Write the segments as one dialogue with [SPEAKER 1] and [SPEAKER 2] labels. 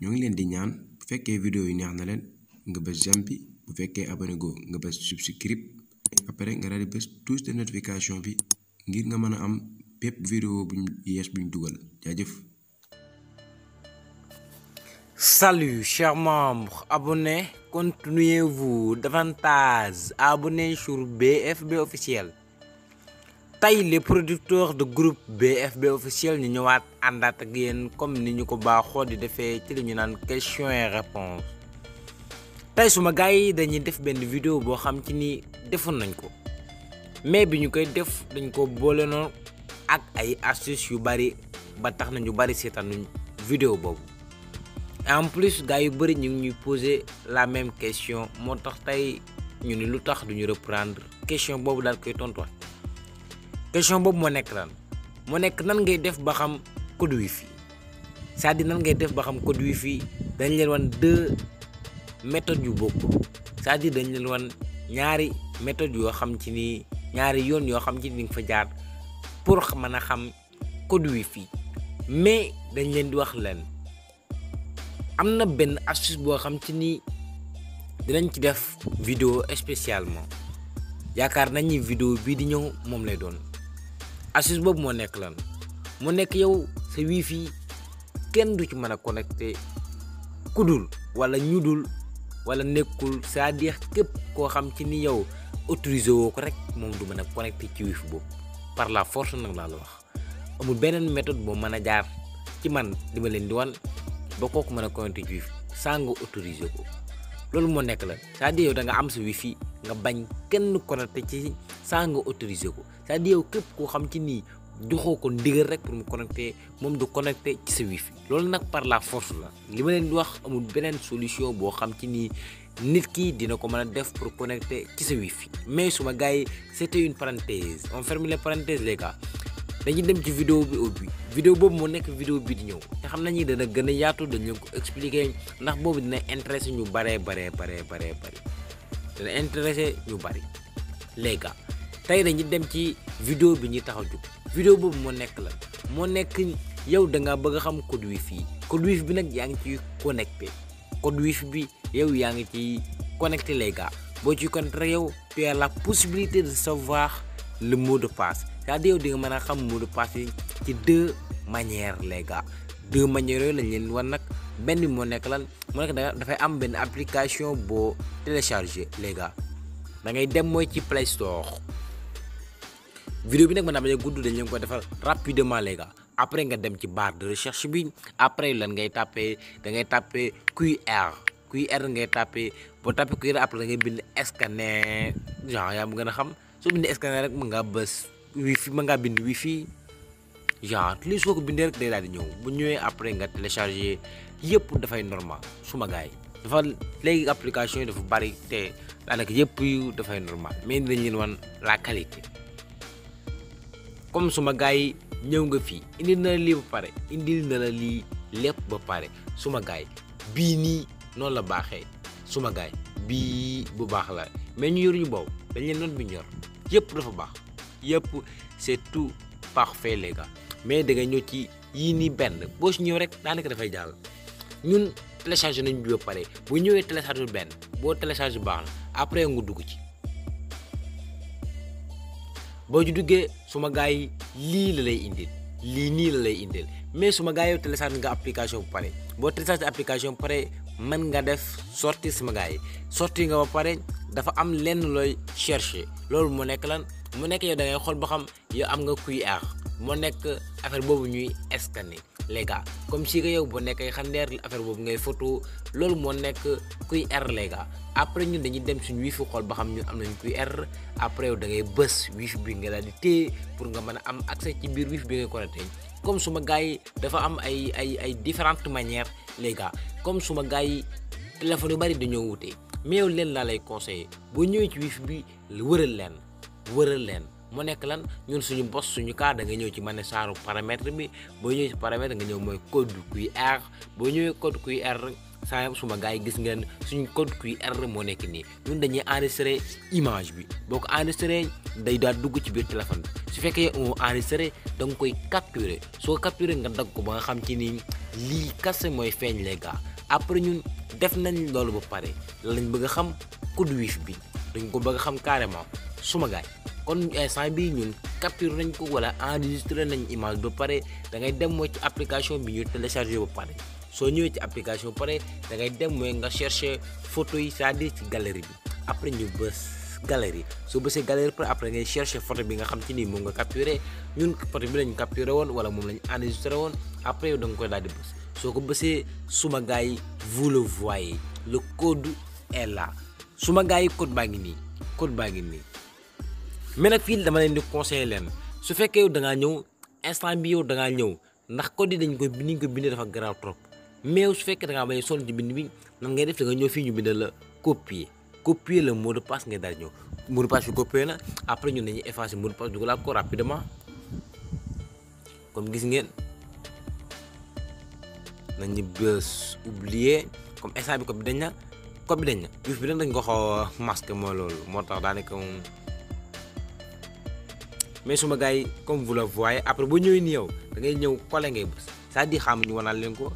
[SPEAKER 1] ñoo ngi leen di ñaan bu fekkee video yi neex na leen nga bës j'aime bi bu fekkee abonné go nga bës subscribe après nga daal di bës touche de notification bi ngir nga mën a am bépp vidéo buñ yees buñ dugal jaajëf. Salut chers membres, abonnez, continuez-vous davantage, abonnez sur BFB officiel. tey les producteurs de groupe BFB officiel ñu ñëwaat àndaat ak yéen comme ni ñu ko baaxoo di defee ci li ñu naan question et réponse tey suma gars yi dañuy def benn vidéo boo xam ci ni defoon nañ ko mais bi ñu koy def dañ ko boole noonu ak ay astuces yu bari ba tax nañu bari seetaanuñ vidéo boobu en plus gars yu bari ñu ngi ñuy poser la même question moo tax tey ñu ni lu tax duñu reprendre question boobu daal koy tontuwaat. question boobu moo nekk lan moo nekk nan ngay def ba xam code wifi c'est-à-dire nan ngay def ba xam code fii dañ leen wan deux méthodes yu bokkul cest à dañ leen wan ñaari méthodes yoo xam ci ni ñaari yoon yoo xam ci ni nga fa jaar pour mën a xam code wifi mais dañ leen di wax leen na benn astuce boo xam ni dinañ ci def vidéo spécialement yaakaar nañ ni vidéo bii di ñëw moom lay doon. assise boobu moo nekk lan moo nekk yow sa wifi kenn du ci mën a connecté ku dul wala ñu dul wala nekkul saa à dire képp koo xam ci ni yow autorisé woo ko rek moom du mën a connecté ci wifi boobu par la force nag laa la wax amul beneen méthode boo mën a jaar ci man li ma leen di wan ba kooku mën a connecté ci wifi saa nga autorisé loolu moo nekk la c'est-à-dire yow am sa wifi nga bañ kenn connecté ci saa nga autorisé ko cest di yow képp koo xam ci nii joxoo ko ndigal rek pour mu connecté moom du connecté ci sa wifi loolu nag par la force la li ma leen di wax amul beneen solution boo xam ci nii nit kii dina ko mën a def pour connecté ci sa wifi mais suma gars yi c'était une parenthèse on ferme les parenthèses les dañuy dem ci vidéo bi au bi vidéo boobu moo nekk vidéo bi di ñëw te xam nañu dana gën a yaatu dañu ko expliquer ndax boobu dina intéressé ñu baree baree baree baree dana intéressé ñu bari les gars tey dañu dem ci vidéo bi ñuy taxaw jug vidéo boobu moo nekk la moo nekk yow da nga bëgg a xam code wifi yi code bi nag yaa ngi ciy connecté code wifi bi yow yaa ngi ci connecté les boo ciy connecté yow tu la possibilité de savoir le mot de passe c'est-à-dire yow mën a xam mot de passe yi ci deux manières légal gars deux manières yooyu lañ war nag benn bi moo nekk lan moo nekk dafay am benn application boo téléchargé les gars da ngay dem mooy ci Play Store vidéo bi nag mën naa bañ a gudd dañ leen ko defal rapidement les gars après nga dem ci barre de recherche bi après lan ngay tàppee dangay ngay tapé QR QR ngay tapé boo tapé QR après da ngay bind scanner genre yaa mu gën a xam soo bind scanner rek mën nga bës wifi mën ngaa bind wifi yaa lii soo ko bindee rek daal di ñëw bu ñëwee après nga télécharger yëpp dafay normal suma gars yi dafa léegi application yi dafa bari te daanaka yëpp yu dafay normal mais dañ leen wan la qualité comme suma gars yi ñëw nga fii indi na la lii ba pare indil na la lii lépp ba pare suma gars yi bii nii noonu la baaxe suma gaay yi bii bu baax la mais ñu yoruñu boobu dañ leen doon bi ñor yëpp dafa baax yëpp c'est tout parfait les mais da nga ñëw ci yii nii benn boo si ñëw rek daanaka dafay jàll ñun téléchargé nañ bi ba pare bu ñëwee téléchargé benn boo bu baax na après nga dugg ci boo ju duggee suma gars yi lii la lay indil lii nii la lay indil mais suma gars yi yow téléchargé nga application bu pare boo téléchargé application bu pare man nga def sorti suma gars yi sorti nga ba pare dafa am lenn looy chercher loolu mu nekk lan mu nekk yow da xool ba xam yow am nga kuy QR moo nekk affaire boobu ñuy scanner les gars comme si que yow boo nekkee xandeer affaire boobu ngay photo loolu moo nekk QR r léga après ñun dañuy dem suñu wifi xool ba xam ñun am nañ QR après yow da bës wifi bi nga daal di téye pour nga mën a am accès ci biir wifi bi ngay connecté comme suma gars yi dafa am ay ay ay différentes manières les comme suma gars yi téléphone yu bari dañoo wute mais yow leen laa lay conseiller boo ñëwee ci wifi bi wëral leen wëral leen. moo nekk lan ñun suñu bos suñu cas da ñëw ci mane saaru paramètre bi boo ñëw ci paramètre nga ñëw mooy code QR boo ñëwee code QR saa yëpp suma gars yi gis ngeen suñu code QR moo nekk nii ñun dañuy enregistré image bi boo ko enregistré day daal dugg ci biir téléphone bi su fekkee on enregistré da nga koy capturé soo capturé nga dagg ko ba nga xam ci nii lii kase mooy feeñ les gars après ñun def nañ loolu ba pare lañ bëgg a xam code wifi bi dañ ko bëgg xam carrément suma gars kon instant eh, bi ñun capture nañ ko wala enregistré nañ image ba pare da ngay dem mooy ci application bi ñu téléchargé ba pare soo ñëwee ci application pare da ngay dem mooy nga chercher photo yi c'est-à-dire ci galerie bi après ñu bës. galerie soo bësee galerie pour après ngay chercher photo bi nga xam ci ni moom nga capturé ñun photo bi lañ capturé woon wala moom lañ enregistré woon après yow da nga koy daal bës soo ko bësee suma gars yi vous le voyez le suma gars yi code baa ngi code baa ngi mais nag fii dama leen di conseiller leen su fekkee yow da ñëw instant bi yow da ñëw ndax code yi dañ koy ni ñu ko bindee dafa garaaw trop mais su fekkee da ngaa bañ a ci bind bi nan ngay def da nga ñëw fii ñu bind la copier copier le mot de passe ngay daal ñëw mot de passe bi copier na après ñun dañuy effacer mot de passe dugal comme gis ngeen nañu bës oublier comme instant bi code dañ na code bi dañ na juif bi nag dañ ko xaw a moo loolu moo tax daanaka mais suma gars yi comme vous le après boo ñëwee ni yow da ngay ñëw collé ngay bës c'est-à-dire xam ñu leen ko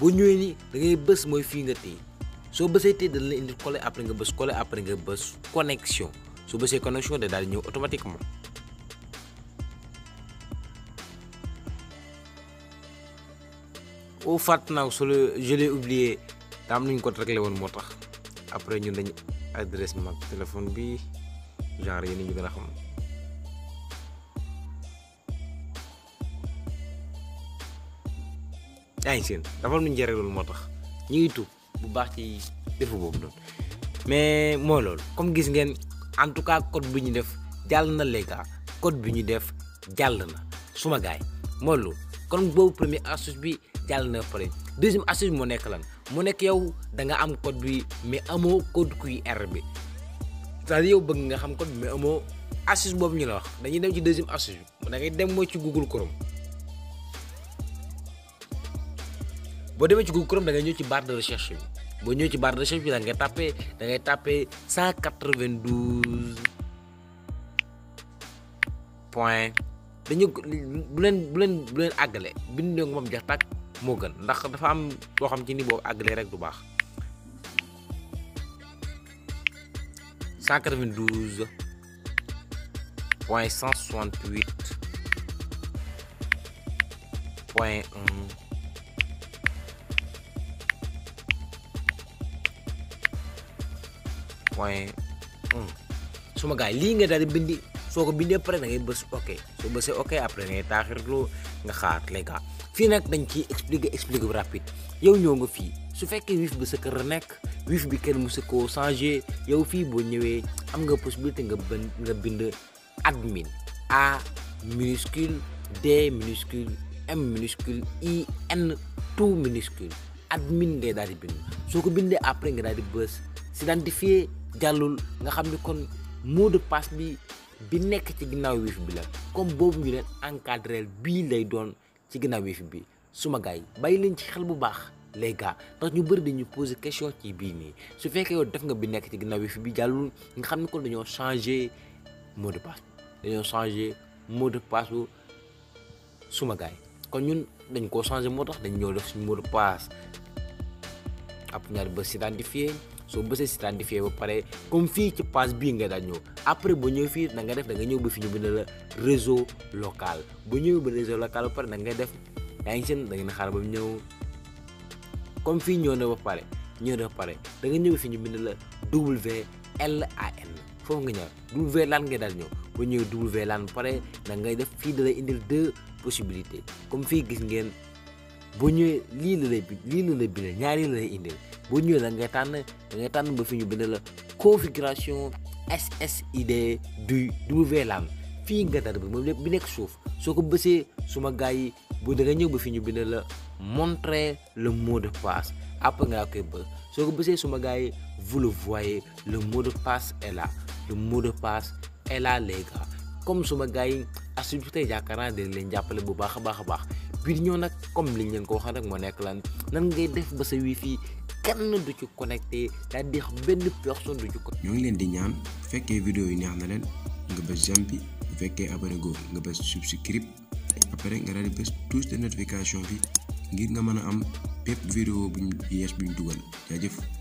[SPEAKER 1] boo ñëwee nii dangay bës mooy fii nga téye soo bësee téye dana la indi collé après nga bës collé après nga bës connexion soo bësee connexion da daal di ñëw automatiquement au fàtt naa solo je l'ai oublié oublier am nañu ko réglé woon moo tax après ñun dañu adresse ma téléphone bi genre yéen ñu gën a xam yaa ngi seen dafa nuñ jëre loolu moo tax ñu ngi tu bu baax ci defu boobu noonu mais mooy loolu comme gis ngeen en tout cas code bi ñu def jàll na les gars ah code bi ñu def jàll na suma gaay mooy loolu kon boobu premier astuce bi jàll na pare deuxième astuce bi moo nekk lan mu nekk yow da nga am code bi mais amoo code QR bi c'est-à-dire yow bëgg nga xam code bi mais amoo astuce boobu ñu la wax dañuy dem ci deuxième astuce bi da dem mooy ci Google Chrome boo demee ci Google Chrome da ngay ñëw ci barre de recherche bi boo ñëwee ci barre de recherche bi da ngay tapé da ngay tapé 192 point dañu bu leen bu leen bu leen àggale bind nga moo gën ndax dafa am loo xam ci ni boo àggalee rek du baax 192 point 168 point 1 point 1 suma gars yi lii nga daal di bindi soo ko bindee pare da ngay bës ok soo bësee ok après ngay taaxirlu nga xaar les fii nag dañ ci expliquer expliquer bu rapide yow ñëw nga fii su fekkee wiif bi sa kër la nekk wiif bi kenn mu sa koo changé yow fii boo ñëwee eh. am nga possibilité nga bën nga bind admin a minuscule d minuscule m minuscule i n tout minuscule admin ngay daal di bind soo ko bindee après nga daal bës s'identifier jàllul nga xam ni kon mot de passe bi bi nekk ci ginnaaw wifi bi la comme boobu ñu leen encadré bii lay doon ci ginnaaw wifi bi suma gars yi bàyyi leen ci xel bu baax les gars ndax ñu bëri dañu poser question ci bii nii su fekkee yow def nga bi nekk ci ginnaaw wifi bi jàllul nga xam ni kon dañoo changé mot de passe dañoo changé mot de passe bu suma gars yi kon ñun dañ koo changé moo tax dañ ñoo def suñu mot de soo bësee stratifier ba pare comme fii ci page bii nga daan ñëw après ba ñëw fii nanga def da nga ñëw ba fi ñu bind la réseau local bu ñëw ba réseau local ba pare da nga def yaa ngi xaar ba ñëw comme fii ñëw na ba pare ñëw pare da nga ñëw ba fi ñu bind la WLAN foofu nga ñëw WLAN nga daal ñëw ba ñëw WLAN ba pare da ngay def fii da lay indil deux possibilités comme fii gis ngeen. boo ñëwee lii la lay lii la lay bindal ñaari la lay indil boo ñëwee da ngay tànn da ngay tànn ba fi ñu bind la configuration SSID du WLAN fii nga dara bi moom lépp bi nekk suuf soo ko bësee suma gars yi bu da ñëw ba fi ñu bind la montrer le mot de passe après nga koy bës soo ko bësee suma gars yi vous le le mot de passe est là le mot de passe est là comme suma gars yi assuré tey jàkkaarloo dañ leen jàppale bu baax a baax a baax. bii ñoo nag comme liñ leen ko waxee rek moo nekk lan nan ngay def ba sa wifi kenn du ci connecté daal di benn personne du ci ko. ñoo ngi leen di ñaan bu fekkee vidéo yi neex na leen nga bës j'aime bi bu fekkee abonné go nga bës subscribe après nga daal di bës touche de notification bi ngir nga mën a am bépp vidéo buñ yees buñ dugal jaajëf.